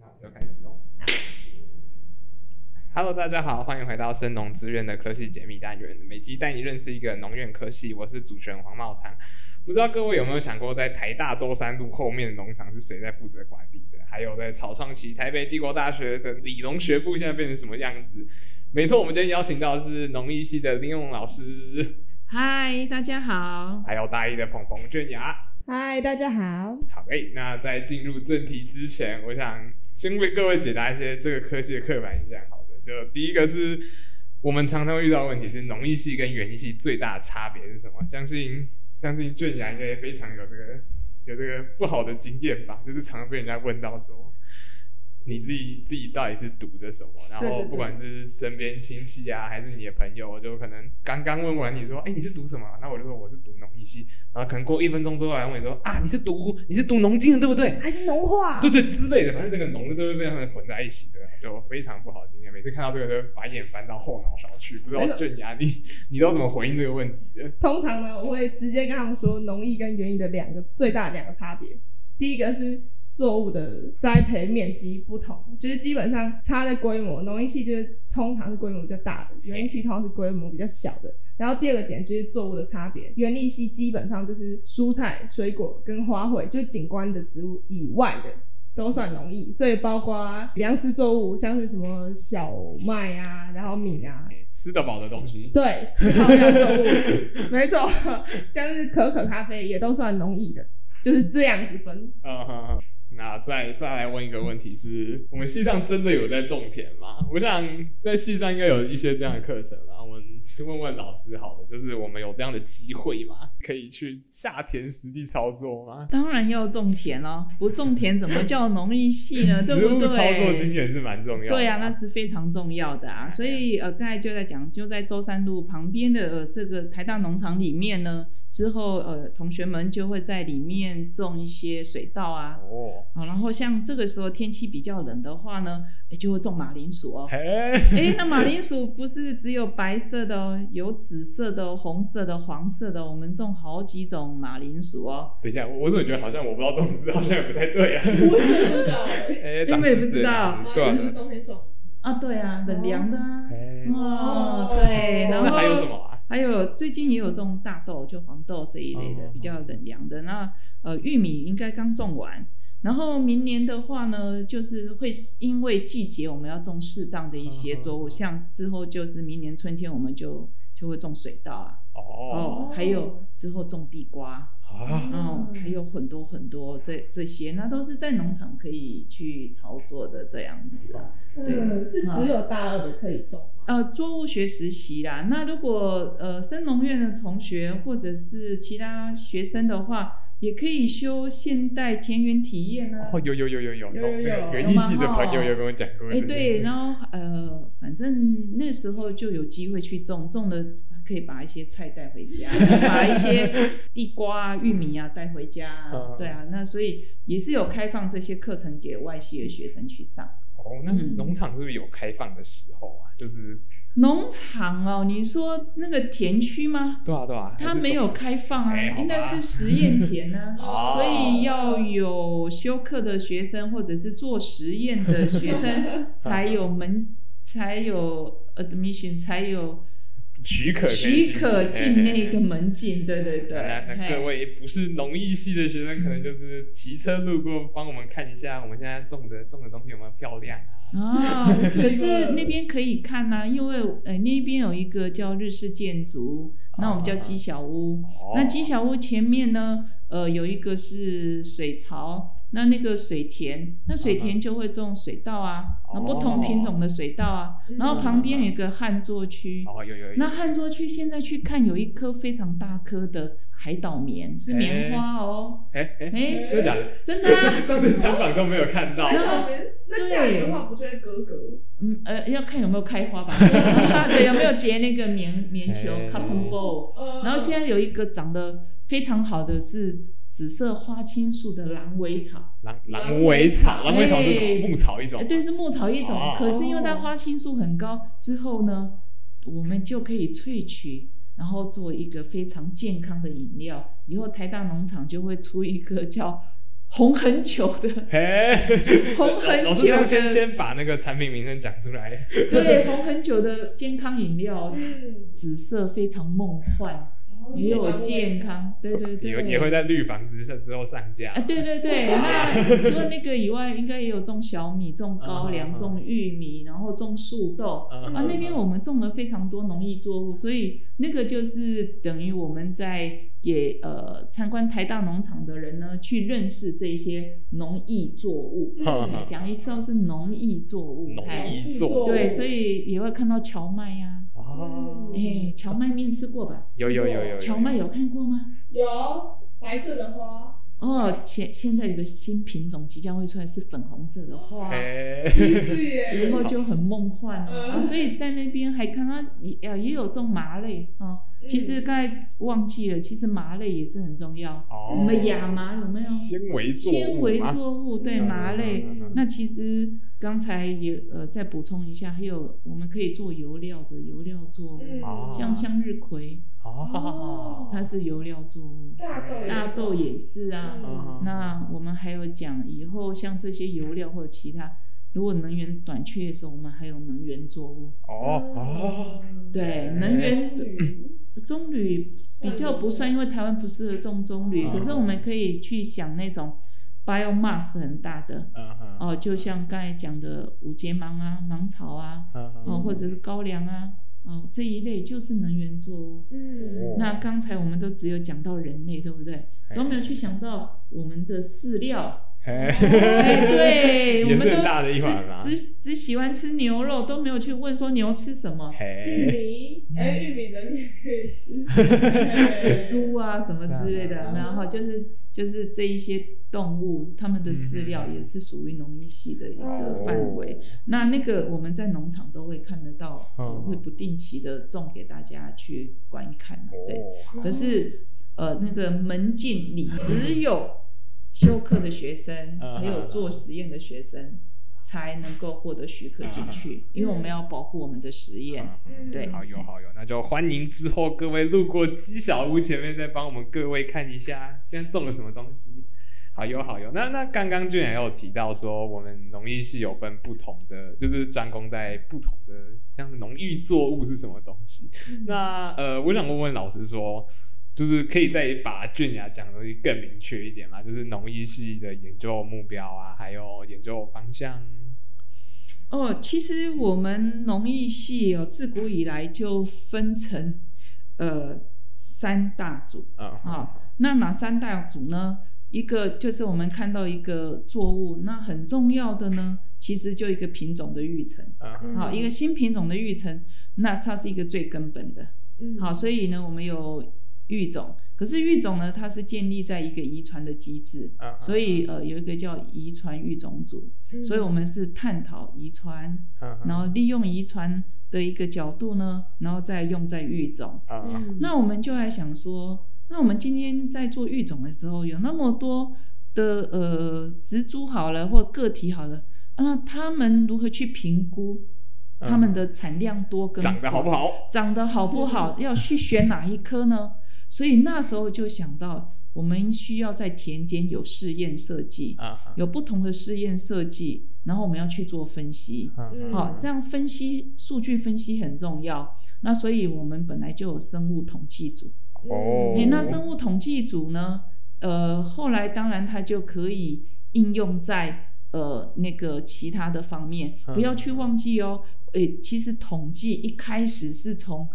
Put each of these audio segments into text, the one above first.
好，要開始好 Hello 大家好，歡迎回到深農資源的科系解密單元，每集帶你認識一個農院科系。我是主持人黃茂昌，不知道各位有沒有想過，在台大舟山路後面的農場是誰在負責管理的？還有在草創期台北帝國大學的理農學部現在變成什麼樣子？沒錯，我們今天邀請到的是農藝系的林永老師。Hi，大家好。還有大一的彭鵬俊雅。Hi，大家好。好誒、欸，那在進入正題之前，我想。先為各位解答一些這個科系的刻板印象。好的，就第一個是我們常常遇到問題是農藝系跟園藝系最大的差別是什麼？相信相信俊然應該非常有這個有這個不好的經驗吧，就是常常被人家問到說。你自己自己到底是讀的什麼？然後不管是身邊親戚啊，對對對還是你的朋友，我就可能剛剛問完你說，哎、欸，你是讀什麼？那我就說我是讀農藝系。然後可能過一分鐘之後來問你說，啊，你是讀你是讀農經的對不對？還是農化？對對之類的，反正這個農的都是被他們混在一起的，就非常不好經驗。今天每次看到這個都把眼翻到後腦勺去，有不知道鄭壓你你都怎麼回應這個問題的？通常呢，我會直接跟他們說，農藝跟園藝的兩個最大的兩個差別，第一個是。作物的栽培面積不同，就是基本上差的規模，農藝系就是通常是規模比較大的，園藝系通常是規模比較小的。然後第二個點就是作物的差別，園藝系基本上就是蔬菜、水果跟花卉，就是、景觀的植物以外的都算農藝，所以包括糧食作物，像是什麼小麥啊，然後米啊，吃得飽的東西，對，糧食作物 沒錯，像是可可、咖啡也都算農藝的，就是這樣子分。啊好好啊，再再來問一個問題是：我們系上真的有在種田嗎？我想在系上應該有一些這樣的課程吧，然後我們去問問老師好了，就是我們有這樣的機會嗎？可以去下田實地操作嗎？當然要種田嘍，哦，不種田怎麼叫農藝系呢？ 對不對？操作經驗是蠻重要的啊。對啊，那是非常重要的啊。所以呃，剛才就在講，就在舟山路旁邊的這個台大農場裡面呢。之後，呃，同學們就會在裡面種一些水稻啊。哦、oh. 啊。然後像這個時候天氣比較冷的話呢，欸、就會種馬鈴薯哦。誒 Hey.、欸、那馬鈴薯不是只有白色的哦， 有紫色的、紅色的、黃色的，我們種好幾種馬鈴薯哦。等一下我，我怎麼覺得好像我不知道種植，好像也不太對啊。我不知道。你們也不知道，對啊。種哪種啊？對啊，冷涼的啊。哦，對。然後 那還有什麼啊？還有最近也有種大豆，嗯、就黃豆這一類的、哦、比較冷涼的。那呃，玉米應該剛種完。然後明年的話呢，就是會因為季節，我們要種適當的一些作物，哦、像之後就是明年春天，我們就就會種水稻啊。哦，哦，還有之後種地瓜。哦、啊，嗯，還有很多很多這這些，那都是在農場可以去操作的這樣子啊。嗯、對，是只有大二的可以種嗎？呃、啊，作物學實習啦。那如果呃，生農院的同學或者是其他學生的話，也可以修現代田園體驗呢、啊。哦，有有有有有有有有有。有農藝系的朋友有跟我講過。哎、哦，欸、對，然後呃，反正那時候就有機會去種種的。可以把一些菜帶回家， 把一些地瓜啊、玉米啊帶回家、啊。 對啊，那所以也是有開放這些課程給外系的學生去上。哦，那是農場是不是有開放的時候啊？嗯、就是農場哦，你說那個田區嗎？對啊，對啊，它沒有開放啊，欸、應該是實驗田呢、啊。 所以要有修課的學生或者是做實驗的學生才有門， 才有 admission， 才有。許可許可進那個門禁，對對對,對。那、 啊、各位嘿不是農藝系的學生，可能就是騎車路過，幫我們看一下我們現在種的種的東西有沒有漂亮啊？哦、啊， 可是那邊可以看啊，因為呃、欸、那邊有一個叫日式建築，哦、那我們叫磯小屋。哦、那磯小屋前面呢，呃有一個是水槽。那那個水田，那水田就會種水稻啊，那不同品種的水稻啊，然後旁邊有一個旱作區，那旱作區現在去看，有一顆非常大顆的海島棉，是棉花哦。哎哎哎，真的真的。上次採訪都沒有看到。那下雨的話不在格格。嗯呃，要看有沒有開花吧？對，有沒有結那個棉棉球？Cotton ball。然後現在有一個長得非常好的是。紫色花青素的狼尾草，狼，狼尾草，欸、狼尾草是牧草一種、欸，對，是牧草一種。啊、可是因為它花青素很高，之後呢，我們就可以萃取，然後做一個非常健康的飲料。以後台大農場就會出一個叫“紅很久”的，欸、 紅很久的紅很久老師先，先先把那個產品名稱講出來。對，紅很久的健康飲料，嗯、紫色非常夢幻。也有健康，會對對對，也也會在綠房子上之後上架。啊、對對對， 那除了那個以外，應該也有種小米、種高粱、種玉米，然後種樹豆啊。那邊我們種了非常多農藝作物，所以那個就是等於我們在。給呃參觀台大農場的人呢，去認識這些農藝作物。嗯嗯、講一次是農藝作物。還農藝作物對，所以也會看到蕎麥呀、啊。哦。哎、欸，蕎麥麵吃過吧？有有有，有，有，有，有蕎麥有看過嗎？有白色的花。哦，現現在有個新品種即將會出來，是粉紅色的花。哎嘿。以後就很夢幻了、啊嗯啊。所以在那邊還看到也也有種麻類啊。其實剛才忘記了，其實麻類也是很重要。哦，我們亞麻有沒有？纖維，纖維作物對，麻類。那其實剛才也呃，再補充一下，還有我們可以做油料的油料作物，像向日葵。它是油料作物。大豆，大豆也是啊。那我們還有講以後像這些油料或者其他，如果能源短缺的時候，我們還有能源作物哦，對，能源 hey, 棕櫚比較不算，因為台灣不適合種棕櫚，oh, oh. 可是我們可以去想那種 biomass 很大的哦、uh huh. 呃，就像剛才講的五節芒啊、芒草啊、uh huh. 呃，或者是高粱啊，哦、呃、這一類就是能源作物。Uh huh. 那剛才我們都只有講到人類，對不對？都沒有去想到我們的飼料。哎，對，我們都只只只喜歡吃牛肉，都沒有去問說牛吃什麼。玉米，哎，玉米人也可以吃。豬啊什麼之類的，然後就是就是這一些動物，他們的飼料也是屬於農藝系的一個範圍。那那個我們在農場都會看得到，會不定期的種給大家去觀看。對，可是呃，那個門禁裡只有修課的學生，嗯、還有做實驗的學生，嗯嗯、才能夠獲得許可進去，嗯、因為我們要保護我們的實驗。嗯嗯、對，好有好有，那就歡迎之後各位路過雞小屋前面，再幫我們各位看一下，現在種了什麼東西。是好有好有，那那剛剛俊然也有提到說，我們農藝系有分不同的，就是專攻在不同的，像農藝作物是什麼東西？ 那呃，我想問問老師說。就是可以再把俊雅講的更明確一點嘛，就是農藝系的研究目標啊，還有研究方向。哦，其實我們農藝系哦，自古以來就分成呃三大組啊、uh huh. 哦。那哪三大組呢？一個就是我們看到一個作物，那很重要的呢，其實就一個品種的育成啊，uh huh. 好，一個新品種的育成，那它是一個最根本的。嗯、uh，huh. 好，所以呢，我們有。育種，可是育種呢，它是建立在一個遺傳的機制，uh huh. 所以呃，有一個叫遺傳育種組，uh huh. 所以我們是探討遺傳，uh huh. 然後利用遺傳的一個角度呢，然後再用在育種。Uh huh. 那我們就來想說，那我們今天在做育種的時候，有那麼多的呃植株好了或個體好了，那他們如何去評估他們的產量多跟、uh huh. 長得好不好？長得好不好？要去選哪一棵呢？所以那時候就想到，我們需要在田間有試驗設計啊，uh huh. 有不同的試驗設計，然後我們要去做分析，uh huh. 好，這樣分析數據分析很重要。那所以我們本來就有生物統計組哦，oh. 欸，那生物統計組呢，呃，後來當然它就可以應用在呃那個其他的方面，不要去忘記哦，uh huh. 欸，其實統計一開始是從。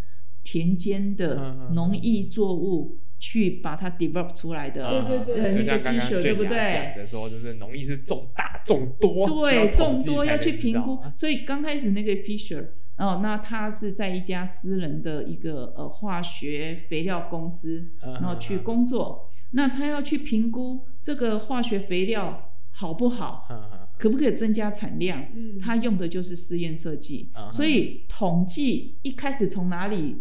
田間的農藝作物去把它 develop 出來的，對對對，那個 Fisher 對不對？說就是農藝是重大眾多，對，眾多要去評估。所以剛開始那個 Fisher，哦，那他是在一家私人的一個呃化學肥料公司，然後去工作。那他要去評估這個化學肥料好不好，可不可以增加產量？他用的就是試驗設計。所以統計一開始從哪裡？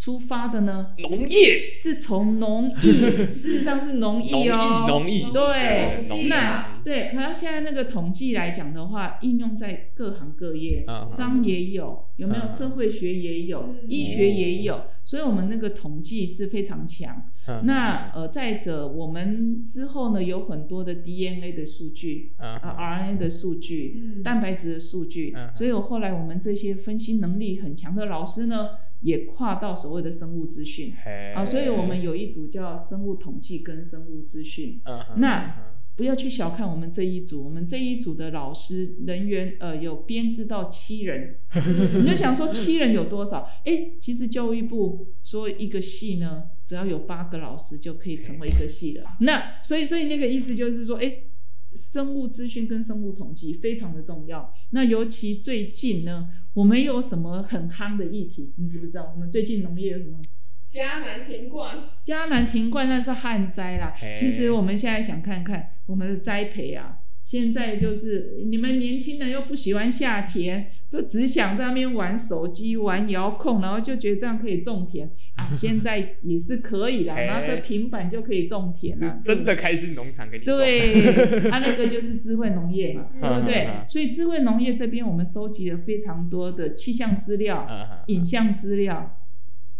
出發的呢？農業是從農藝，事實上是農藝哦，農藝，對，那對。可能現在那個統計來講的話，應用在各行各業，商也有，有沒有？社會學也有，醫學也有，所以我們那個統計是非常強。那呃，再者，我們之後呢，有很多的 DNA 的數據，呃，RNA 的數據，蛋白質的數據，所以我後來我們這些分析能力很強的老師呢。也跨到所謂的生物資訊 Hey. 啊，所以我們有一組叫生物統計跟生物資訊。Uh-huh, 那，uh-huh. 不要去小看我們這一組，我們這一組的老師人員呃有編制到七人。 你就想說七人有多少？欸，其實教育部說一個系呢，只要有八個老師就可以成為一個系了。Hey. 那所以所以那個意思就是說，欸生物資訊跟生物統計非常的重要。那尤其最近呢，我們有什麼很夯的議題？你知不知道？我們最近農業有什麼？嘉南停灌？嘉南停灌那是旱災啦。Hey. 其實我們現在想看看我們的栽培啊。現在就是你們年輕人又不喜歡下田，都只想在那邊玩手機、玩遙控，然後就覺得這樣可以種田啊！現在也是可以了，拿着、哎、平板就可以種田了。真的開心農場給你種，對，它、 啊、那個就是智慧農業嘛， 對不對？啊、所以智慧農業這邊我們收集了非常多的氣象資料、啊啊、影像資料。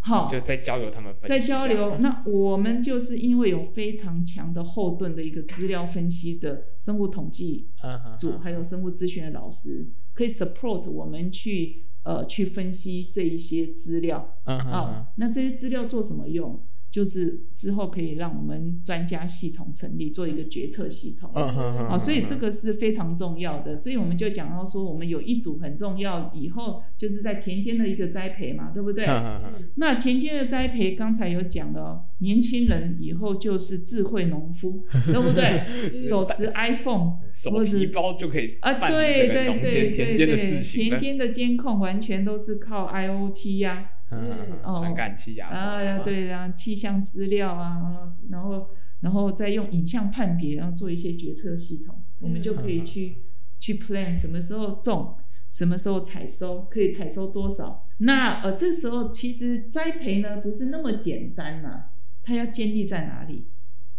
好，就在交流他們分析，分，在交流。那我們就是因為有非常強的後盾的一個資料分析的生物統計組，嗯嗯嗯、還有生物資訊的老師，可以 support 我們去呃去分析這一些資料。嗯嗯嗯、好，那這些資料做什麼用？就是之後可以讓我們專家系統成立，做一個決策系統。啊，啊，啊，啊，所以這個是非常重要的。啊、所以我們就講到說，我們有一組很重要，以後就是在田間的一個栽培嘛，對不對？啊啊啊、那田間的栽培，剛才有講了，年輕人以後就是智慧農夫， 對不對？手持 iPhone， 手持一包就可以啊？對對對對對。田間的監控完全都是靠 IOT 呀、啊。 嗯哦，傳感器啊，啊對，啊，氣象資料啊，然後，然後再用影像判別，然後做一些決策系統，我、嗯、們就可以去、嗯、去 plan 什麼時候種，什麼時候採收，可以採收多少。那呃，這時候其實栽培呢不是那麼簡單吶、啊，它要建立在哪裡？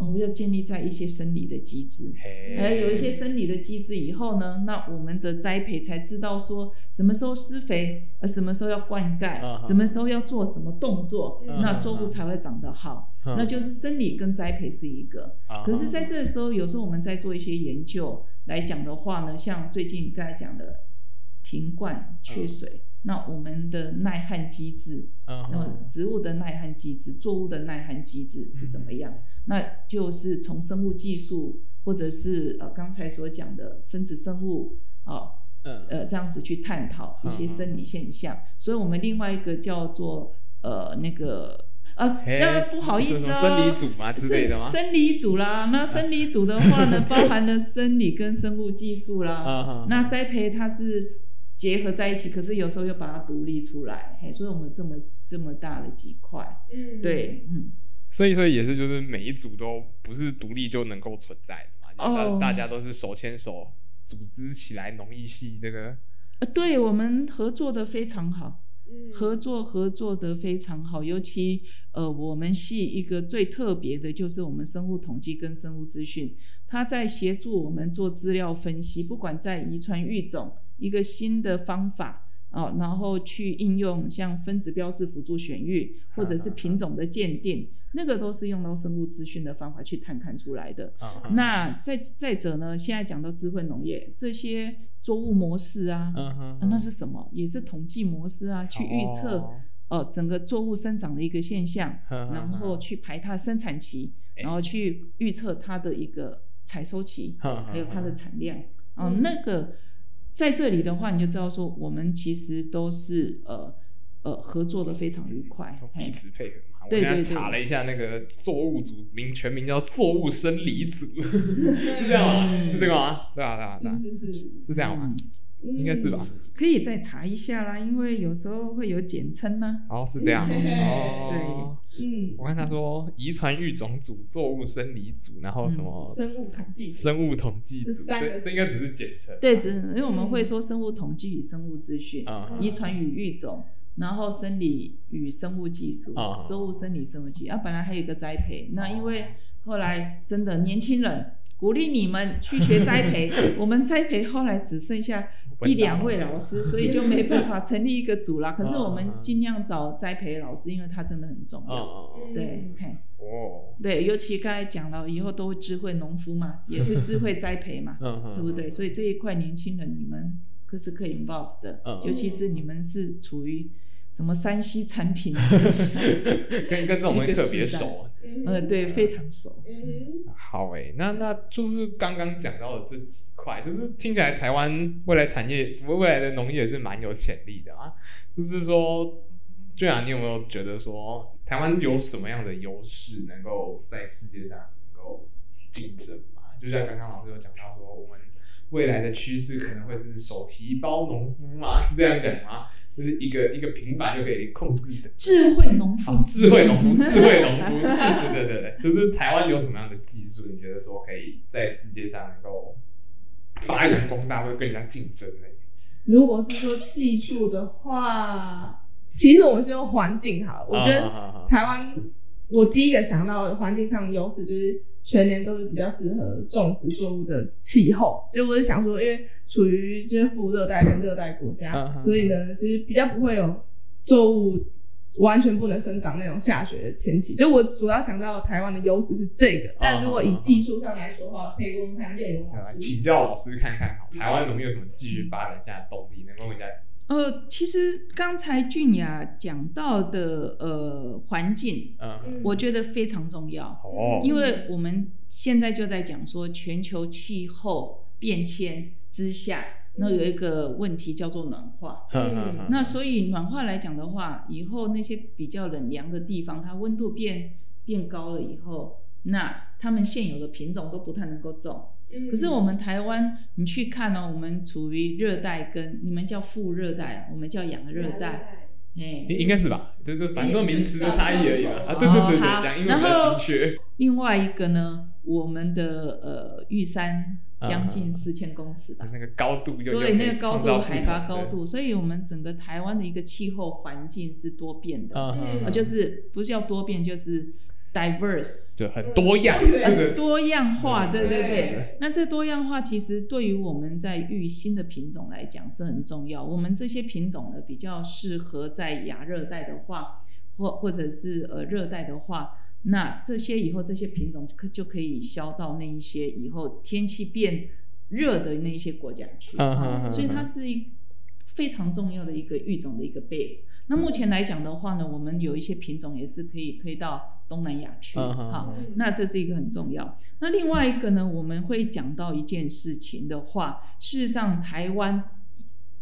我們要建立在一些生理的機制，Hey. 有一些生理的機制以後呢，那我們的栽培才知道說什麼時候施肥，呃，什麼時候要灌溉，uh huh. 什麼時候要做什麼動作，uh huh. 那作物才會長得好。Uh huh. 那就是生理跟栽培是一個。Uh huh. 可是在這個時候，有時候我們在做一些研究來講的話呢，像最近剛才講的停灌缺水，uh huh. 那我們的耐旱機制，uh huh. 那麼植物的耐旱機制，作物的耐旱機制是怎麼樣？Uh huh. 那就是從生物技術，或者是呃剛才所講的分子生物，哦、呃，呃、嗯、這樣子去探討一些生理現象。嗯、所以我們另外一個叫做呃那個呃這樣、啊、嘿不好意思、啊、生理組嘛之類的嗎？是，生理組啦，那生理組的話呢，嗯、包含了生理跟生物技術啦。嗯、那栽培它是結合在一起，嗯、可是有時候又把它獨立出來。嘿，所以我們這麼這麼大的幾塊，嗯、對，嗯。所以，所以也是，就是每一組都不是獨立就能夠存在的嘛。然後、oh, 大家都是手牽手組織起來。農藝系這個，呃，對我們合作的非常好，合作合作的非常好。尤其，呃，我們系一個最特別的，就是我們生物統計跟生物資訊，它在協助我們做資料分析，不管在遺傳育種，一個新的方法，啊、呃，然後去應用像分子標誌輔助選育，或者是品種的鑑定。啊啊啊那個都是用到生物資訊的方法去探看出來的。Uh huh. 那再再者呢，現在講到智慧農業這些作物模式啊，uh huh huh. 啊，那是什麼？也是統計模式啊，去預測，oh. 呃、整個作物生長的一個現象，uh huh huh huh. 然後去排它生產期，uh huh huh huh. 然後去預測它的一個採收期，uh huh huh huh. 還有它的產量。那個在這裡的話，你就知道說我們其實都是呃呃合作得非常愉快，Okay. 彼此配合。我跟他查了一下，那個作物組名全名叫作物生理組，是這樣嗎？是這個嗎？對啊，對啊，是是是這樣嗎？應該是吧？可以再查一下啦，因為有時候會有簡稱呢。哦，是這樣。哦，對，嗯。我看他說遺傳育種組、作物生理組，然後什麼？生物統計。生物統計組。這這應該只是簡稱。對，只是因為我們會說生物統計與生物資訊，啊，遺傳與育種。然後生理與生物技術啊，作物生理生物技啊，本來還有一個栽培。那因為後來真的年輕人鼓勵你們去學栽培，我們栽培後來只剩下一兩位老師，所以就沒辦法成立一個組了。可是我們盡量找栽培老師，因為他真的很重要。對，哦，對，尤其剛才講到以後都會智慧農夫嘛，也是智慧栽培嘛，對不對？所以這一塊年輕人你們。可是可以 involve 的。嗯嗯，尤其是你們是處於什麼 3C 產品 跟，跟跟這種會特別熟，嗯，對，嗯、非常熟。嗯好哎、欸，那那就是剛剛講到的這幾塊，就是聽起來台灣未來產業，未來的農業也是蠻有潛力的啊。就是說，俊雅，你有沒有覺得說台灣有什麼樣的優勢，能夠在世界上能夠競爭嘛？就像剛剛老師有講到說，我們。未來的趨勢可能會是手提包農夫嘛，是這樣講嗎？就是一個一個平板就可以控制的智慧農夫， 夫，智慧農夫，智慧農夫，對對對，就是台灣有什麼樣的技術？你覺得說可以在世界上能夠發揚光大，會跟人家競爭呢？如果是說技術的話，其實我是用環境好，啊、我覺得台灣，嗯、我第一個想到環境上的優勢就是。全年都是比較適合種植作物的氣候，所以我就想說，因為處於這些副熱帶跟熱帶國家，嗯嗯、所以呢，其實比較不會有作物完全不能生長那種下雪的天氣。所以我主要想到台灣的優勢是這個，但如果以技術上來說的話，可以問問看葉老師，嗯嗯嗯嗯、請教老師看看，台灣農業有什麼繼續發展下的動力，嗯、能夠問一下。呃，其實剛才俊雅講到的呃環境，嗯、我覺得非常重要。嗯、因為我們現在就在講說全球氣候變遷之下，那有一個問題叫做暖化。嗯、那所以暖化來講的話，以後那些比較冷涼的地方，它溫度變變高了以後，那他們現有的品種都不太能夠種。可是我們台灣，你去看呢、喔，我們處於熱帶跟你們叫副熱帶，我們叫亞熱帶，哎、嗯，欸、應該是吧？就是反正都名詞的差異而已嘛。嗯哦、啊，對對對講、嗯、英文比較精確。啊、另外一個呢，我們的呃玉山將近四千公尺吧、嗯嗯，那個高度又，又對那個高度海拔高度，對所以我們整個台灣的一個氣候環境是多變的，嗯嗯嗯、啊，就是不是叫多變就是。Diverse 就很多樣，很、呃、多樣化，對對對。對對對。那這多樣化其實對於我們在育新的品種來講是很重要。我們這些品種呢，比較適合在亞熱帶的話，或或者是呃熱帶的話，那這些以後這些品種可就可以銷到那一些以後天氣變熱的那一些國家去。啊啊、所以它是，非常重要的一個育種的一個 base。那目前來講的話呢，我們有一些品種也是可以推到東南亞去。哈。那這是一個很重要。那另外一個呢，嗯、我們會講到一件事情的話，事實上台灣，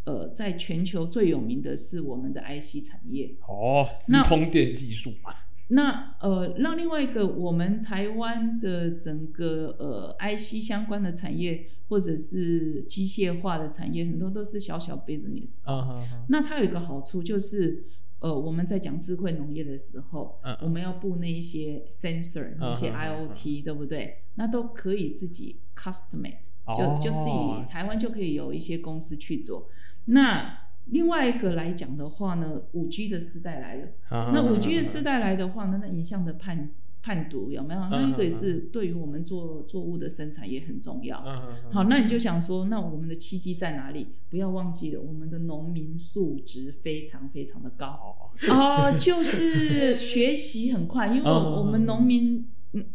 呃，在全球最有名的是我們的 IC 產業。哦，資通電技術嘛。那呃，那另外一個我們台灣的整個呃 IC 相關的產業，或者是機械化的產業，很多都是小小 business、uh。Huh. 那它有一個好處就是，呃，我們在講智慧農業的時候，uh huh. 我們要布那一些 sensor、那些 IOT、uh huh. 對不對？那都可以自己 customate 就就自己台灣就可以有一些公司去做。那另外一個來講的話呢，五 G 的時代來了。啊、那五 G 的時代來的話呢，那影像的判判讀有沒有？啊、那一個也是對於我們做作物的生產也很重要。嗯、啊、好，那你就想說，那我們的契機在哪裡？不要忘記了，我們的農民素質非常非常的高哦。哦、 啊、就是學習很快，因為我們農民、啊、嗯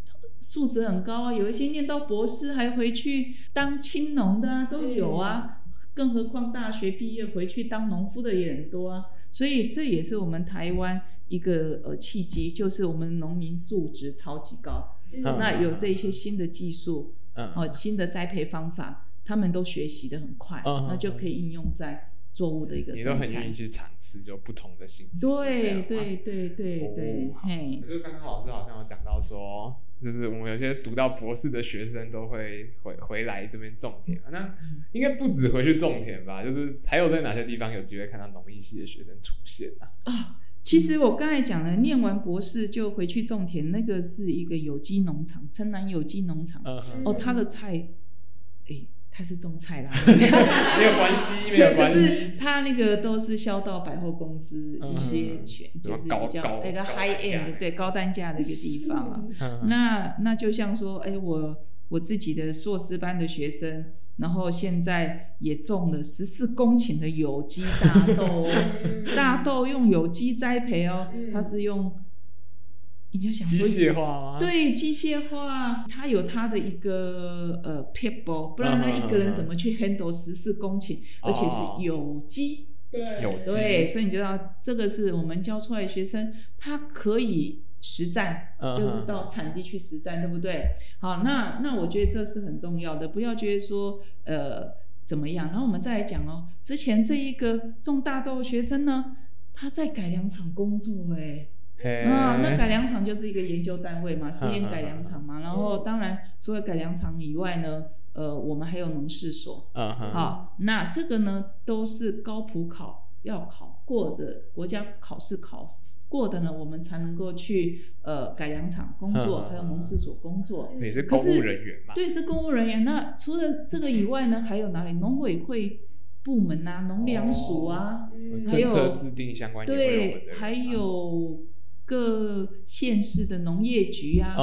素質很高啊，有一些念到博士還回去當青農的啊，嗯、啊都有啊。更何況大學畢業回去當農夫的也很多啊，所以這也是我們台灣一個呃契機，就是我們農民素質超級高，那有這些新的技術，哦新的栽培方法，他們都學習得很快，那就可以應用在作物的一個生產。你都很願意去嘗試有不同的新。對對對對對，嘿。可是剛剛老師好像有講到說。就是我們有些讀到博士的學生都會回回來這邊種田、啊、那應該不止回去種田吧？就是還有在哪些地方有機會看到農藝系的學生出現啊？啊、哦，其實我剛才講了，念完博士就回去種田，那個是一個有機農場，城南有機農場。Uh huh. 哦，他的菜，誒、欸。他是種菜啦， 沒有關係，沒有關係。可是他那個都是銷到百貨公司一些全，嗯、就是比較那高個 high end，對，高單價的一個地方啊。 那那就像說，哎、欸，我我自己的碩士班的學生，然後現在也種了十四公頃的有機大豆、哦， 大豆用有機栽培哦，他、嗯、是用。你就想說，機械化嗎？對，機械化，他有他的一個呃撇步，不然他一個人怎麼去 handle 十四公頃，uh huh huh. 而且是有機，uh huh. 對，有機對，所以你知道這個是我們教出來學生，他可以實戰，uh huh huh. 就是到產地去實戰，對不對？好，那那我覺得這是很重要的，不要覺得說呃怎麼樣，然後我們再來講哦，之前這一個種大豆的學生呢，他在改良場工作、欸，嗯 Hey,、哦，那改良場就是一個研究單位嘛，試驗改良場嘛。嗯嗯、然後當然，除了改良場以外呢，呃，我們還有農事所。啊好、嗯嗯哦，那這個呢，都是高普考要考過的，國家考試考過的呢，我們才能夠去呃改良場工作，嗯、還有農事所工作。嗯嗯、你是公務人員嗎？可是對，是公務人員。 那除了這個以外呢，還有哪裡？農委會部門啊，農糧署啊，哦、還有政策制定相關對，還有。各縣市的農業局啊，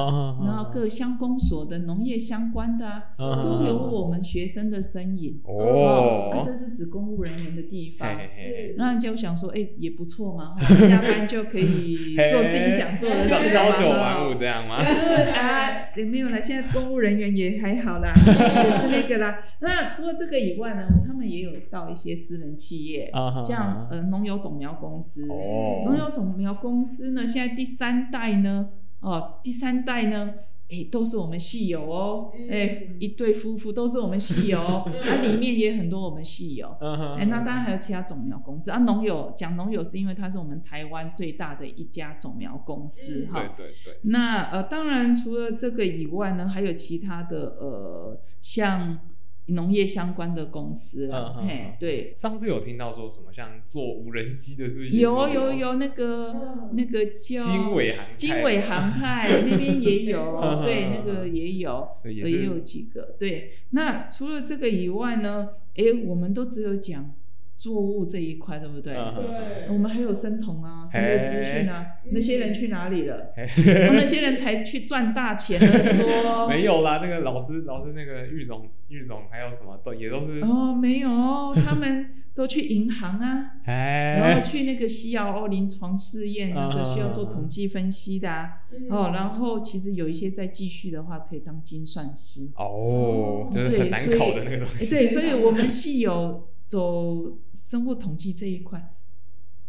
然後各鄉公所的農業相關的啊，都有我們學生的身影哦。那這是指公務人員的地方，是。那就想說，哎，也不錯嘛，下班就可以做自己想做的事情啊。朝九晚五這樣嗎？啊，也沒有了。現在公務人員也還好啦，也是那個啦。那除了這個以外呢，他們也有到一些私人企業，像呃農友種苗公司，農友種苗公司呢。現在第三代呢，哦，第三代呢，哎，都是我們系友哦。哎，一對夫婦都是我們系友，那裡面也很多我們系友。嗯哼。哎，那當然還有其他種苗公司啊。農友講農友是因為他是我們台灣最大的一家種苗公司。對對對。那呃，當然除了這個以外呢，還有其他的呃，像。農業相關的公司，嗯、嘿，對。上次有聽到說什麼像做無人機的是不是，事情。有有有，那個那個叫經緯航太，經緯航太那邊也有， 對，那個也有，也有幾個。對，對，那除了這個以外呢？哎、欸，我們都只有講，作物這一塊對不對？對、uh，huh. 我們還有生統啊，生物資訊啊，Hey. 那些人去哪裡了？Hey. 哦、那些人才去賺大錢的說。 沒有啦，那個老師，老師那個育種、育種還有什麼，都也都是哦，沒有他們都去銀行啊， 然後去那個西藥哦，臨床試驗那個需要做統計分析的、啊 uh huh. 哦，然後其實有一些在繼續的話，可以當精算師哦，oh, oh. 就是很難考的那個東西。對,所以欸、對，所以我們系有。走生物統計這一塊。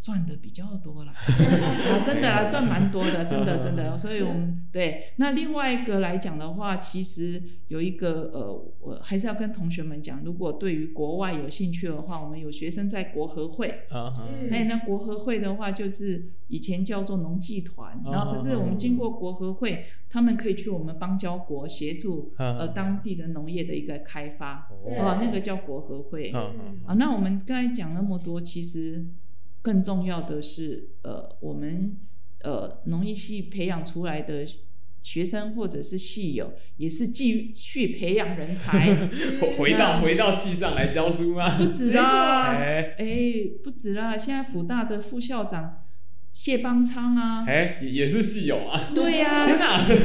賺的比較多啦 啊，真的啊，賺蠻 多的，真的真的。所以我們對那另外一個來講的話，其實有一個呃，我還是要跟同學們講，如果對於國外有興趣的話，我們有學生在國合會啊、uh huh. 欸，那國合會的話就是以前叫做農技團，然後可是我們經過國合會，uh huh. 他們可以去我們邦交國協助、uh huh. 呃當地的農業的一個開發、uh huh. 呃、那個叫國合會、uh huh. 啊。那我們剛才講那麼多，其實。更重要的是，呃，我們呃農藝系培養出來的學生或者是系友，也是繼續培養人才。 回到 那回到系上來教書嗎？不止啊，哎，不止啦！現在輔大的副校長謝邦昌啊，哎、欸，也是系友啊。對呀。天哪，這這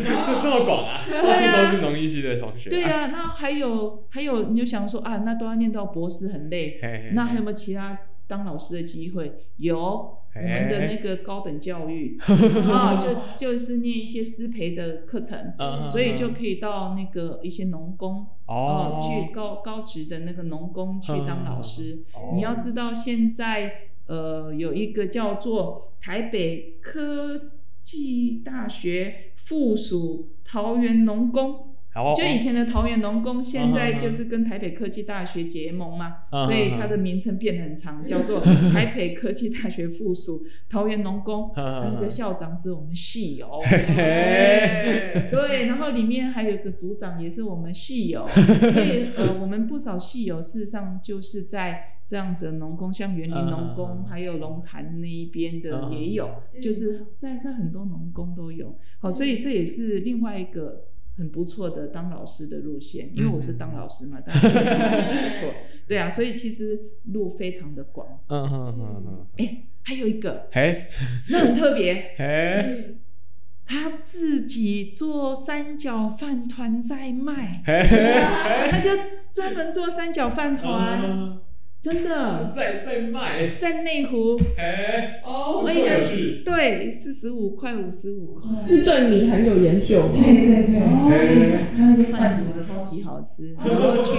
麼廣啊？多數、啊、都是農藝系的同學、啊。對呀、啊，那還有還有，你就想說啊，那都要念到博士很累， 那還有沒有其他？當老師的機會有我們的那個高等教育 啊，就就是念一些師培的課程， 所以就可以到那個一些農工哦，去、 啊、高高職的那個農工去當老師。 你要知道，現在呃有一個叫做台北科技大學附屬桃園農工。就以前的桃園農工，現在就是跟台北科技大學結盟嘛，嗯、哼哼所以它的名稱變得很長，嗯、哼哼叫做台北科技大學附屬桃園農工。嗯、哼哼那個校長是我們系友，對，然後裡面還有一個組長也是我們系友，嗯、哼哼所以呃，我們不少系友事實上就是在這樣子的農工，像員林農工，嗯、哼哼還有龍潭那一邊的也有，嗯、哼就是在在很多農工都有。好，所以這也是另外一個。很不錯的當老師的路線，因為我是當老師嘛，嗯、覺得當老師不錯，對啊，所以其實路非常的廣。嗯嗯嗯嗯。哎、huh, uh huh. 欸，還有一個，哎，Hey. 那很特別，哎，Hey. 他自己做三角飯糰在賣，Hey. 啊、他就專門做三角飯糰。Uh huh. 真的在在賣，在內湖哎，哦，我應該對，四十五塊五十五塊，是對米很有研究，對對對，是，他那個飯真的超級好吃，然後去，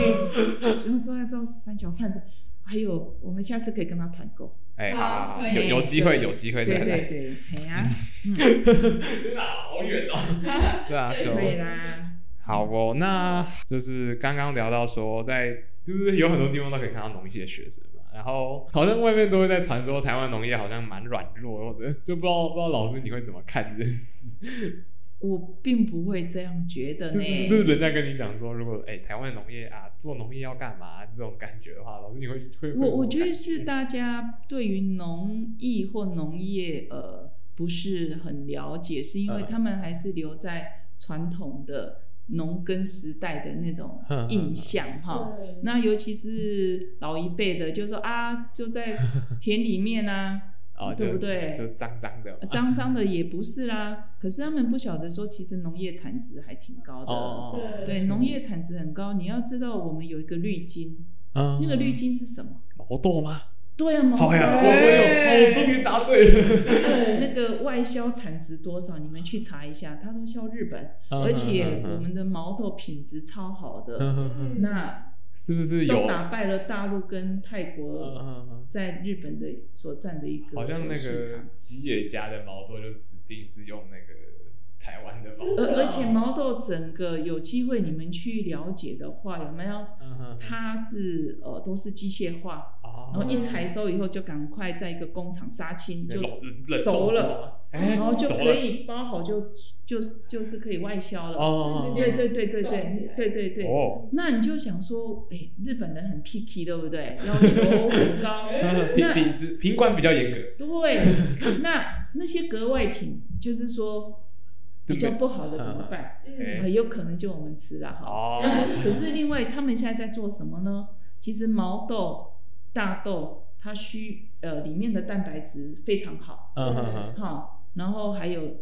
怎麼說要做三橋飯的，還有我們下次可以跟他團購，哎，好，有有機會有機會，對對對，嘿啊，真的好遠哦，對啊，可以啦，好哦，那就是剛剛聊到說在。就是有很多地方都可以看到農藝系的學生嘛，然後好像外面都會在傳說台灣農業好像蠻軟弱的，就不知道不知道老師你會怎麼看這件事？我並不會這樣覺得呢。就是人家跟你講說，如果哎、欸、台灣農業啊做農業要幹嘛這種感覺的話，老師你會會？會我我覺得是大家對於農藝或農業呃不是很了解，是因為他們還是留在傳統的。嗯農耕時代的那種印象哈，那尤其是老一輩的，就是說啊，就在田裡面啊， 對不對？哦、就髒脏的。髒脏的也不是啦， 可是他們不曉得說，其實農業產值還挺高的。哦、對，農對業產值很高，你要知道我們有一個綠金，嗯、那個綠金是什麼？勞動嗎？對啊毛豆。呀，我沒有，終於答對了。那、 呃這個外銷產值多少？你們去查一下，它都銷日本， 而且我們的毛豆品質超好的。 那是不是都打敗了大陸跟泰國？在日本的所占的一個市場， 好像那個吉野家的毛豆就指定是用那個台灣的毛豆、啊。而而且毛豆整個有機會，你們去了解的話，有沒有？ 它是呃都是機械化。然後一採收以後就趕快在一個工廠殺青，就熟了，然後就可以包好，就就就是可以外銷了。哦，對對對對對對對對。那你就想說，哎，日本人很 picky，對不對？要求很高，那品質品管比較嚴格。對，那那些格外品，就是說比較不好的怎麼辦？嗯，很有可能就我們吃了哈。可是另外，他們現在在做什麼呢？其實毛豆。大豆它需呃裡面的蛋白質非常好，嗯好，嗯嗯然後還有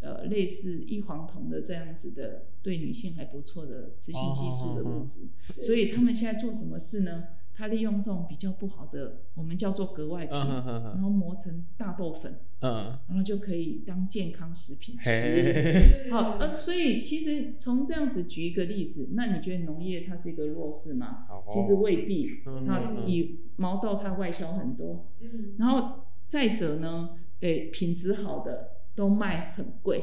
呃類似異黃酮的這樣子的對女性還不錯的雌性激素的物質，哦哦哦，所以他們現在做什麼事呢？他利用這種比較不好的，我們叫做格外品，uh、huh huh 然後磨成大豆粉，嗯，然後就可以當健康食品吃。嘿嘿嘿好對對對對、呃，所以其實從這樣子舉一個例子，那你覺得農業它是一個弱勢嗎？哦、其實未必，它以毛豆它外銷很多，uh、huh 然後再者呢，誒，品質好的。都賣很貴，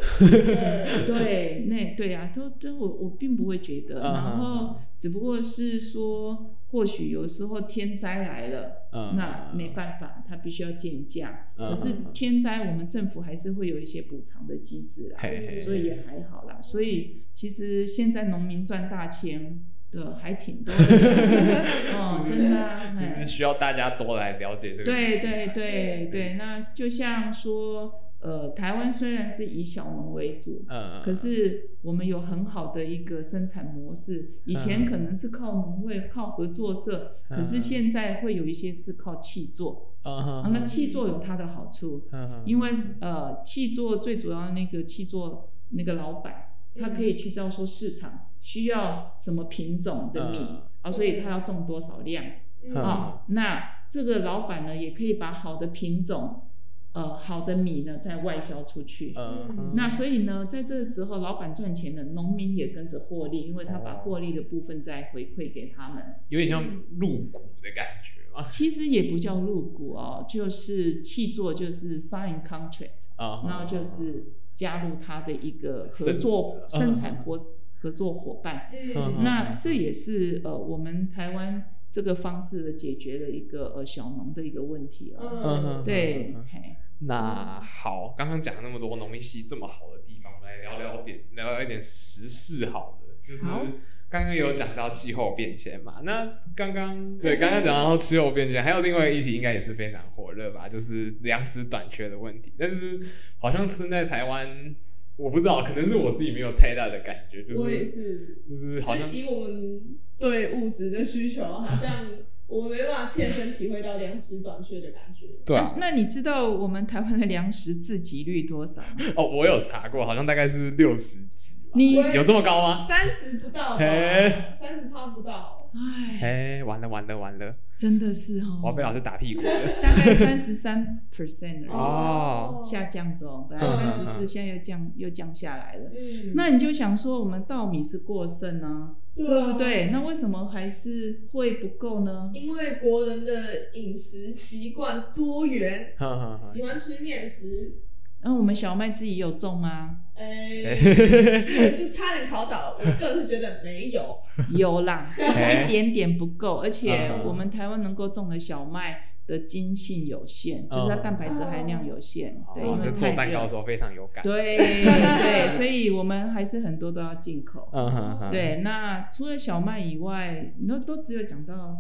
對，那對啊，都，我我並不會覺得，然後只不過是說，或許有時候天災來了，那沒辦法，他必須要減價。可是天災，我們政府還是會有一些補償的機制啊，所以也還好啦。所以其實現在農民賺大錢的還挺多的，哦，真的啊，需要大家多來了解這個。對對對對，那就像說。呃，台灣雖然是以小農為主，uh huh. 可是我們有很好的一個生產模式。Uh huh. 以前可能是靠農會、靠合作社，uh huh. 可是現在會有一些是靠契作、uh huh. 啊。那契作有它的好處，uh huh. 因為呃，契作最主要那個契作那個老板，uh huh. 他可以去照說市場需要什麼品種的米、uh huh. 啊，所以他要種多少量、uh huh. 啊？那這個老板呢，也可以把好的品種。呃，好的米呢，再外銷出去。Uh huh. 那所以呢，在這個時候，老闆賺錢了，農民也跟着獲利，因為他把獲利的部分再回饋給他們。Oh. 嗯、有點像入股的感覺啊， 其實也不叫入股哦，就是契作，就是 sign contract，那、uh huh. 然後就是加入他的一個合作生、uh huh. 生產合、uh huh. 合作夥伴。Uh huh. 那這也是呃，我們台灣這個方式的解決了一個呃小農的一個問題啊、哦。Uh huh. 對。Uh huh. 那好，剛剛講了那麼多農藝系這麼好的地方，我們來聊聊點聊聊一點時事，好的，就是剛剛有講到氣候變遷嘛。那剛剛以對，剛剛講到氣候變遷，還有另外一個議題，應該也是非常火熱吧，就是糧食短缺的問題。但是好像現在台灣，我不知道，可能是我自己沒有太大的感覺，就是，我也是就是好像以我們對物質的需求，好像。 我沒辦法切身體會到糧食短缺的感覺。 對啊，啊，那你知道我們台灣的糧食自給率多少？ 哦，我有查過，好像大概是六十幾。你有這麼高嗎？三十不到，哎，三十趴不到，哎，哎，完了完了完了，真的是哦，我被老師打屁股，大概三十三 percent 而已哦，下降中，本來三十四，現在又降又降下來了。那你就想說，我們稻米是過剩啊，對不對？那為什麼還是會不夠呢？因為國人的飲食習慣多元，喜歡吃麵食。那我們小麥自己有種嗎？哎，就差點考倒我。個人是覺得沒有，有啦，種一點點不夠，而且我們台灣能夠種的小麥的筋性有限，就是它蛋白質含量有限。對，因為做蛋糕的時候非常有感。對對，所以我們還是很多都要進口。嗯哼。對，那除了小麥以外，那都只有講到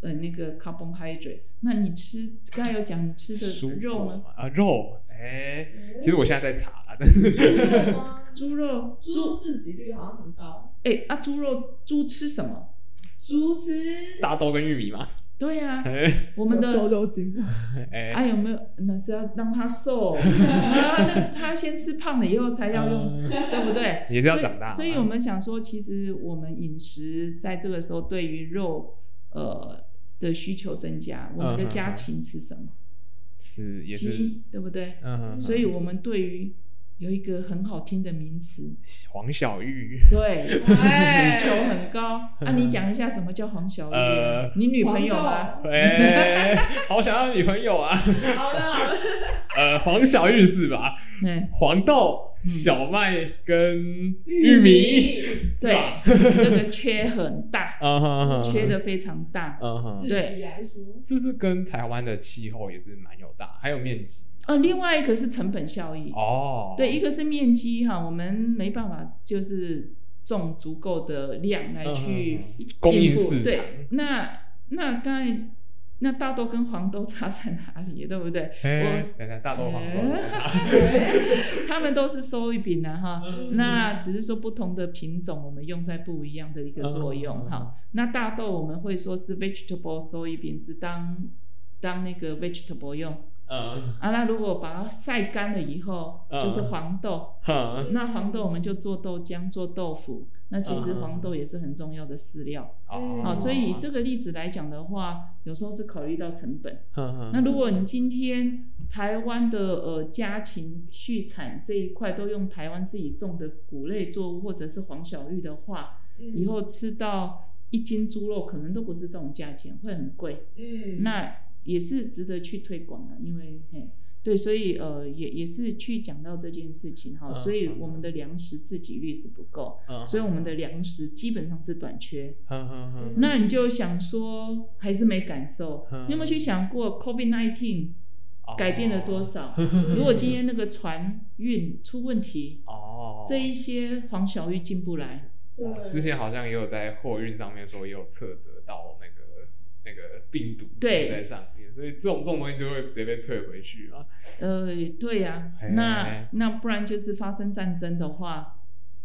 呃那個 carbohydrate。那你吃剛才有講你吃的肉嗎？啊，肉。哎、欸，其實我現在在查了，但是豬肉，豬,肉豬,豬自給率好像很高。哎、欸，啊，豬肉豬吃什麼？豬吃大豆跟玉米嗎？對呀、啊，欸、我們的瘦肉哎，啊、有沒有那是要讓它瘦，它、欸啊、先吃胖了以後才要用，嗯、對不對？也是要長大。所以，所以，我們想說，其實我們飲食在這個時候對於肉呃的需求增加，我們的家禽吃什麼？嗯嗯嗯是也是，對不對？嗯哼哼，所以我們對於有一個很好聽的名詞——黃小玉。對，需求、欸、很高。啊，你講一下什麼叫黃小玉？呃、你女朋友啊友、欸？好想要女朋友啊！ 好的，好的。 呃，黃小玉是吧？黃豆、嗯、小麥跟玉米，玉米吧對，這個缺很大， 缺的非常大，uh huh, uh、huh, 對，來這是跟台灣的氣候也是蠻有大，還有面積，啊、另外一個是成本效益，哦，對，一個是面積，哈，我們沒辦法就是種足夠的量來去應付、uh、huh, 供應市場，對，那那剛才。那大豆跟黃豆差在哪裡，對不對？我，等等，大豆黃豆，他們都是 soybean 呢，哈。那只是說不同的品種，我們用在不一樣的一個作用，哈。那大豆我們會說是 vegetable soybean，是當當那個 vegetable 用。啊那如果把它曬乾了以後，就是黃豆。哈。那黃豆我們就做豆漿、做豆腐。那其實黃豆也是很重要的飼料，啊，所以這個例子來講的話，有時候是考慮到成本。Uh huh. 那如果你今天台灣的呃家禽畜產這一塊都用台灣自己種的谷類作物、uh huh. 或者是黃小玉的話，uh huh. 以後吃到一斤豬肉可能都不是這種價錢，會很貴。嗯、uh，huh. 那也是值得去推廣的、啊，因為嘿。對，所以呃，也也是去講到這件事情哈，嗯、所以我們的糧食自給率是不夠，嗯、所以我們的糧食基本上是短缺。嗯嗯嗯嗯、那你就想說還是沒感受，嗯、你有沒有去想過 COVID-19 改變了多少？哦、如果今天那個船運出問題，哦，這一些黃小玉進不來，對、哦，之前好像也有在貨運上面說也有測得到那個那個病毒對在上。所以這種這種東西就會直接被退回去嘛、啊？呃，對呀、啊，那那不然就是發生戰爭的話，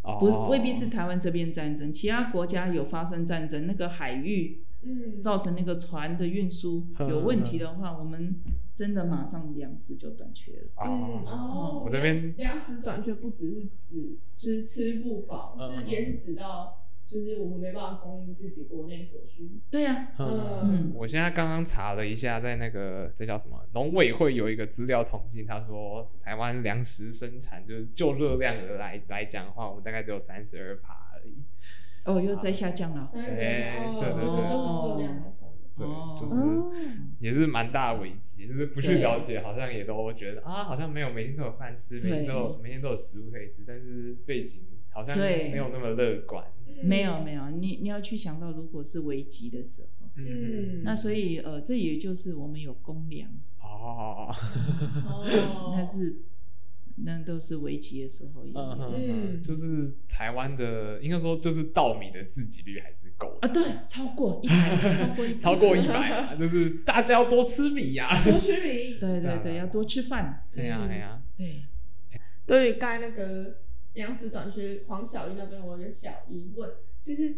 嘿嘿不是未必是台灣這邊戰爭，哦、其他國家有發生戰爭，那個海域，嗯，造成那個船的運輸、嗯、有問題的話，我們真的馬上糧食就短缺了、嗯嗯。哦，我這邊糧食短缺不只是指、就是吃不飽，是延遲到。就是我們沒辦法供應自己國內所需。對呀、啊，嗯，嗯我現在剛剛查了一下，在那個這叫什麼農委會有一個資料統計，他說台灣糧食生產，就是就熱量而來來講的話，我們大概只有三十二趴而已。對哦，又在下降了。對、啊、對對對，對，就是也是蠻大的危機。就是不去了解，對好像也都覺得啊，好像沒有每天都有飯吃，每天都有對每天都有食物可以吃，但是背景。好像沒有那麼樂觀，沒有沒有，你你要去想到如果是危急的時候，嗯哼，那所以呃，這也就是我們有公糧哦，哦，那是那都是危急的時候，嗯哼哼，就是台灣的應該說，就是稻米的自給率還是夠啊，對，超過一百，100, 超過 超過一百，啊，就是大家要多吃米呀，啊，多吃米，對對對，要多吃飯，啊嗯啊，對呀對呀，對，對，該那個。糧食短缺，黃小玉那邊，我有個小疑問，就是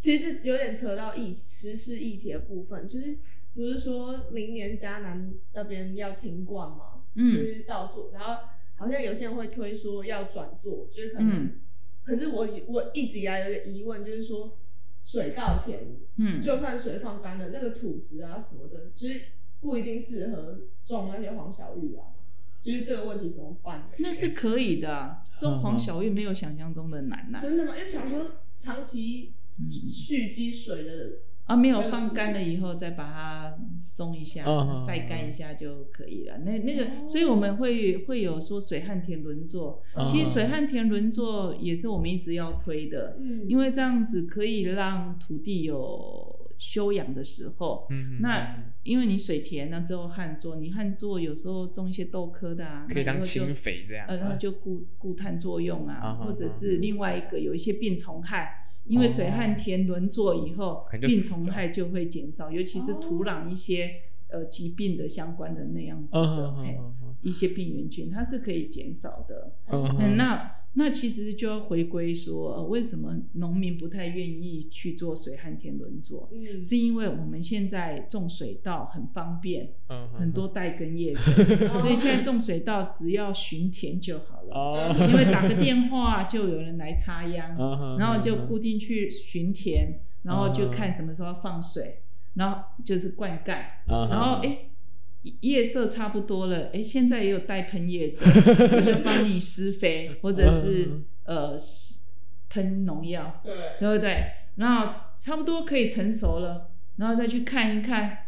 其實這有點扯到一時事議題的部分，就是不是說明年嘉南那邊要停灌嘛，嗯，就是稻作，然後好像有些人會推說要轉作，就是可能，嗯、可是我我一直以來有一個疑問，就是說水稻田，嗯，就算水放乾了，那個土質啊什麼的，其實不一定適合種那些黃小玉啊。所以這個問題怎麼辦？那是可以的，種黃小玉沒有想象中的難吶、啊。真的嗎？Huh. 因為想說長期蓄積水了啊，uh huh. 沒有放乾了以後再把它鬆一下，uh huh. 曬乾一下就可以了。Uh huh. 那那個，所以我們會會有說水旱田輪作，uh huh. 其實水旱田輪作也是我們一直要推的，uh huh. 因為這樣子可以讓土地有。休養的時候，那因為你水田呢，之後旱作，你旱作有時候種一些豆科的啊，可以當青肥這樣，呃，然後就固固碳作用啊，或者是另外一個有一些病蟲害，因為水旱田輪作以後，病蟲害就會減少，尤其是土壤一些呃疾病的相關的那樣子的，一些病原菌它是可以減少的，嗯，那。那其實就要回歸說，為什麼農民不太願意去做水旱田輪作？嗯，是因為我們現在種水稻很方便，嗯、uh，huh. 很多代耕業者、uh huh. 所以現在種水稻只要巡田就好了，uh huh. 因為打個電話就有人來插秧，uh huh. 然後就固定去巡田，然後就看什麼時候放水，然後就是灌溉，uh huh. 然後哎。欸夜色差不多了，哎，現在也有帶噴葉子，我就 幫你施肥，或者是、uh huh. 呃噴農藥，對，對不對？然後差不多可以成熟了，然後再去看一看，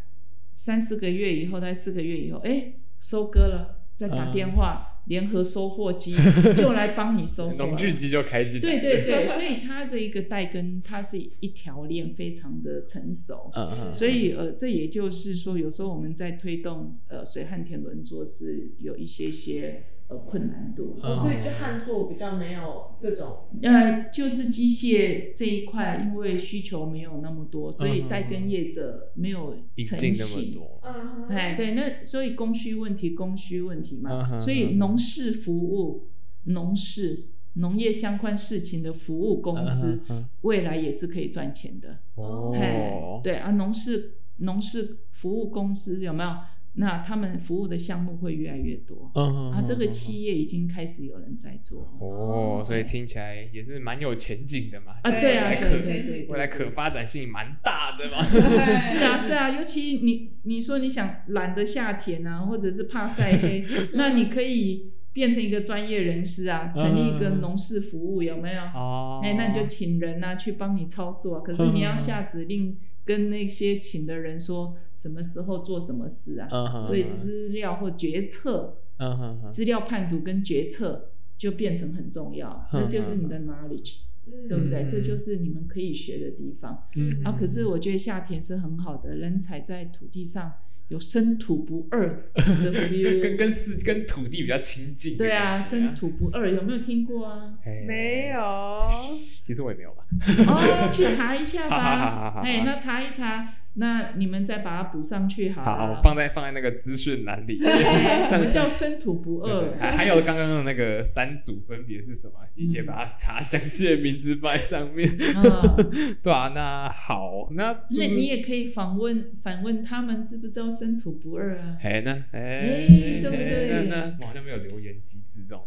三四個月以後，再四個月以後，哎，收割了，再打電話。Uh huh. 聯合收穫機就來幫你收，農具機就開機。對對對，所以它的一個代耕，它是一條鏈，非常的成熟。 所以呃，這也就是說，有時候我們在推動呃水旱田輪作是有一些些。呃，困難度，uh huh. 所以就旱作比較沒有這種，uh huh. 呃，就是機械這一塊，因為需求沒有那麼多，uh huh. 所以帶耕業者沒有成型，嗯、uh huh.，對，那所以供需問題，供需問題嘛，uh huh. 所以農事服務、農事農業相關事情的服務公司，uh huh. 未來也是可以賺錢的，哦、uh huh.，對，啊，農事農事服務公司有沒有？那他們服務的項目會越來越多，啊，這個企業已經開始有人在做哦，所以聽起來也是蠻有前景的嘛，啊，對啊，對對對，未來可發展性蠻大的嘛，是啊是啊，尤其你你說你想懶得下田啊，或者是怕曬黑，那你可以變成一個專業人士啊，成立一個農事服務有沒有？哦，欸，那你就請人啊去幫你操作，可是你要下指令。跟那些請的人說什麼時候做什麼事啊，oh, 所以資料或決策，資、oh, oh, oh. 料判讀跟決策就變成很重要，oh, oh, oh. 那就是你的 knowledge，oh, oh, oh. 對不對？Mm hmm. 這就是你們可以學的地方。Mm hmm. 啊，可是我覺得下田是很好的，人踩在土地上。有身土不二的 跟，跟跟是跟土地比較親近。對啊，身土不二 有沒有聽過啊？Hey, 沒有，其實我也沒有吧。 哦，去查一下吧。哎， 那查一查。那你們再把它補上去。好，好，放在放在那個資訊欄裡。什麼叫“身土不二”。還有剛剛的那個三組分別是什麼？你也把它查一下，的名字放在上面。對啊，那好，那你也可以訪問訪問他們知不知道“身土不二”啊。哎呢？哎，對不對？那呢？我好像沒有留言機制這種。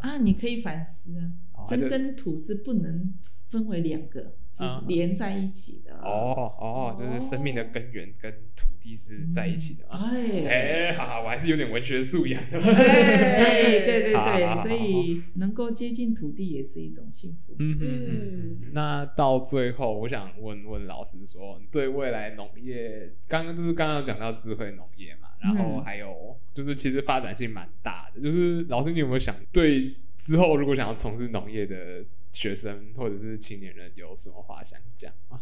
啊，你可以反思啊，“身”跟“土”是不能分為兩個，是連在一起。哦哦，就是生命的根源跟土地是在一起的，哎哎、哦，嗯欸欸、好好，我還是有點文學素養的、欸，哎哈、欸，對對對，對啊、所以能夠接近土地也是一種幸福。嗯嗯，那到最後，我想問問老師說，說對未來農業，剛剛就是剛剛講到智慧農業嘛，然後還有就是其實發展性蠻大的，就是老師你有沒有想對之後如果想要從事農業的學生或者是青年人有什麼話想講、啊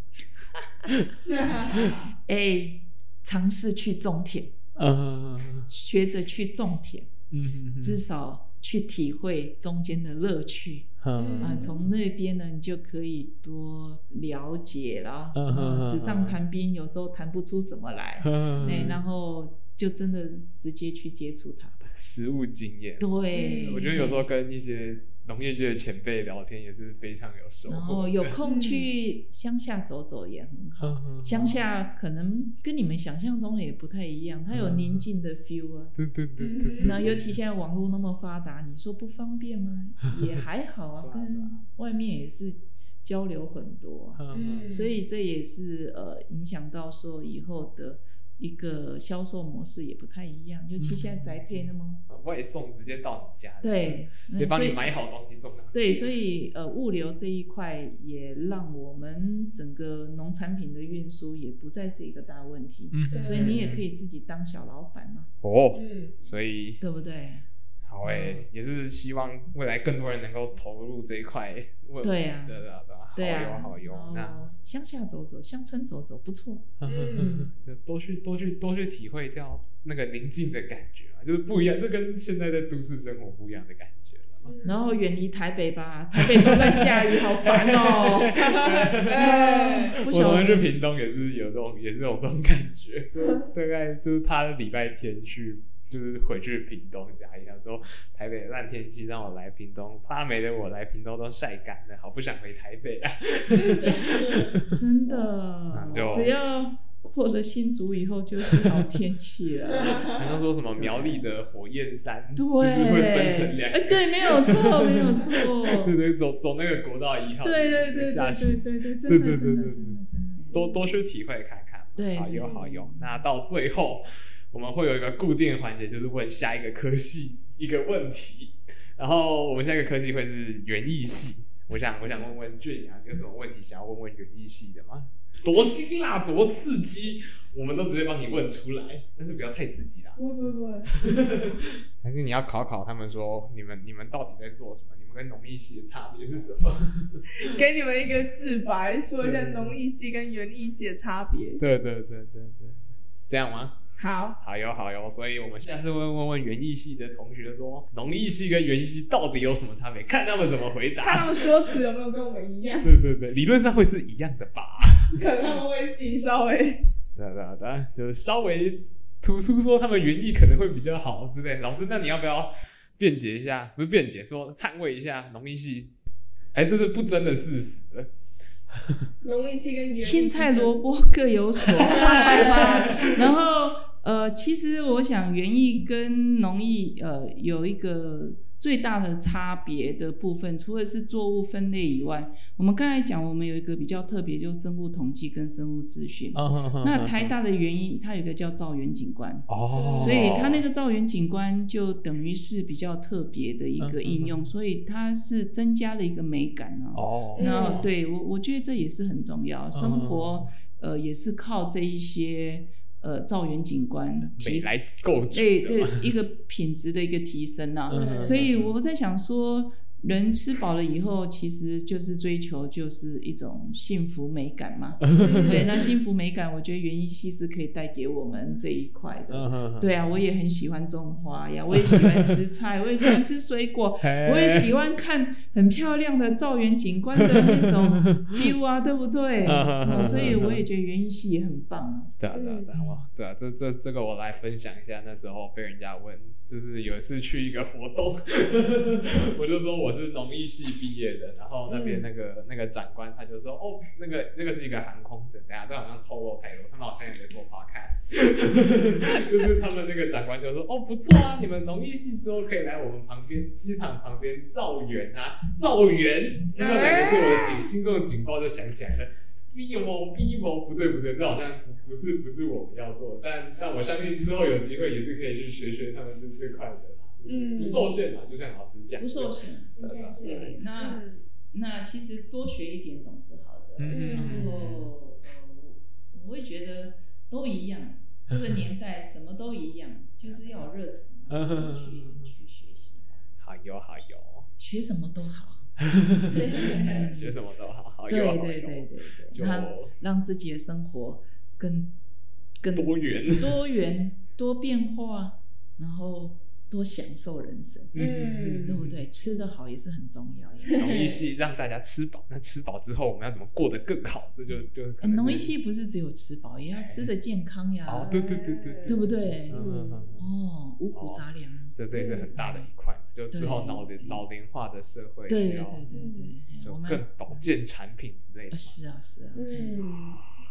哎，嘗試、 啊欸、去種田，uh, 學着去種田，uh, 至少去體會中間的樂趣，從、uh, uh, 啊、那邊呢，你就可以多了解了。嗯哼、uh, uh, uh,，紙上談兵有時候談不出什麼來 uh, uh, uh,、欸，然後就真的直接去接觸他吧，實務經驗。對,對，我覺得有時候跟一些。農業界的前輩聊天也是非常有收穫。然後有空去鄉下走走也很好，鄉 下可能跟你們想象中的也不太一樣， 它有寧靜的 feel 啊。對對對對。那尤其現在網絡那麼發達，你說不方便嗎？也還好啊， 達跟外面也是交流很多， 所以這也是呃影響到說以後的。一個銷售模式也不太一樣，尤其現在宅配那麼外送直接到你家，對，也幫你買好東西送來。對，所以呃，物流這一塊也讓我們整個農產品的運輸也不再是一個大問題。嗯，所以你也可以自己當小老闆，嗯，哦，是所以對不對？好誒，也是希望未來更多人能夠投入這一塊。對啊，對啊，對啊，好遊好遊。那鄉下走走，鄉村走走，不錯。嗯，多去多去多去體會掉那個寧靜的感覺就是不一樣，這跟現在的都市生活不一樣的感覺然後遠離台北吧，台北都在下雨，好煩哦。我們去屏東也是有這種，也是有這種感覺。大概就是他的禮拜天去。就是回去屏東家裡，他說台北爛天氣，讓我來屏東。發霉的，我來屏東都曬乾了，好不想回台北啊！ 真的， 就只要過了新竹以後就是好天氣了。好 像說什麼苗栗的火焰山， 對，就會分成兩個 對，沒有錯，沒有錯。對對，走走那個國道一號，對對對對對，下去對對對對對，真的真的多多去體會看看。對，對，對，好用，好用。那到最後。我們會有一個固定的環節，就是問下一個科系一個問題。然後我們下一個科系會是園藝系，我想，我想問問俊陽，你有什麼問題想要問問園藝系的嗎？多辛辣，多刺激，我們都直接幫你問出來，但是不要太刺激啦、哦。對對對。 還是你要考考他們說，說你們你們到底在做什麼？你們跟農藝系的差別是什麼？ 給你們一個自白，說一下農藝系跟園藝系的差別，嗯。對對對對對，這樣嗎？好，好喲，好喲，所以我們下次會問問園藝系的同學說，農藝系跟園藝到底有什麼差別？看他們怎麼回答，看他們說詞有沒有跟我們一樣？ 對對對，理論上會是一樣的吧？可能他們會自己稍微， 對，對對對，就稍微突出說他們園藝可能會比較好之類的。老師，那你要不要辯解一下？不是辯解，說捍衛一下農藝系？哎、欸，這是不爭的事實。農藝系跟園，青菜蘿蔔各有所愛 然後。呃，其實我想園藝跟農藝，呃，有一個最大的差別的部分，除了是作物分類以外，我們剛才講我們有一個比較特別，就是、生物統計跟生物資訊。 那台大的園藝，它有一個叫造園景觀。哦、所以它那個造園景觀就等於是比較特別的一個應用，嗯嗯嗯嗯，所以它是增加了一個美感那、喔、哦。那對我我覺得這也是很重要，生活嗯嗯呃也是靠這一些。呃，造園景觀提來構、欸、對 一個品質的一個提升吶、啊， 所以我在想說。人吃飽了以後，其實就是追求就是一種幸福美感嘛。 對，那幸福美感，我覺得園藝系是可以帶給我們這一塊的。 對啊，我也很喜歡種花呀，我也喜歡吃菜， 我也喜歡吃水果， 我也喜歡看很漂亮的造園景觀的那種 view 啊， 對不對？ 啊，所以我也覺得園藝系也很棒啊， 對啊。對啊，對啊，對啊，對啊，這這這個我來分享一下，那時候被人家問，就是有一次去一個活動， 我就說我。是農藝系畢業的，然後那邊那個那個長官他就說，嗯、哦，那個那個是一個航空的，等下這好像透露太多，他們好像也沒做 podcast。 就是他們那個長官就說，哦，不錯啊，你們農藝系之後可以來我們旁邊機場旁邊造園啊，造園，這兩、哎、個字我的警心中的警報就響起來了，BMO BMO，不對不對，這好像不是不是我們要做的，但但我相信之後有機會也是可以去學學他們是最快的。嗯，不受限嘛，就像老師講，不受限，對對，那那其實多學一點總是好的。嗯，然後呃，我會覺得都一樣，這個年代什麼都一樣，就是要有熱忱的去去學習。好喲，好喲，學什麼都好，學什麼都好，對對對對。就讓自己的生活更更多元、多元多變化，然後。多享受人生，嗯，對不對？吃得好也是很重要。農藝系，讓大家吃飽，那吃飽之後，我們要怎麼過得更好？這就就可能。農藝系不是只有吃飽，也要吃得健康呀！哦，對對對對，對不對？嗯，哦，五穀雜糧。這這也是很大的一塊嘛。就之後老年老齡化的社會，對對對對，就更保健產品之類的。是啊，是啊。嗯。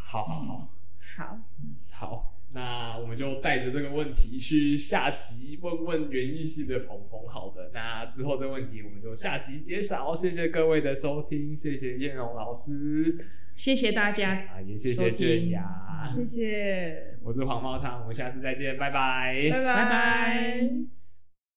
好好好。好。嗯，好。那我們就帶着這個問題去下集問問園藝系的彭彭好的。那之後這個問題我們就下集揭曉。謝謝各位的收聽，謝謝燕榮老師，謝謝大家啊，也謝謝建雅，謝謝。我是黃茂昌，我們下次再見，拜拜，拜拜 bye。Bye bye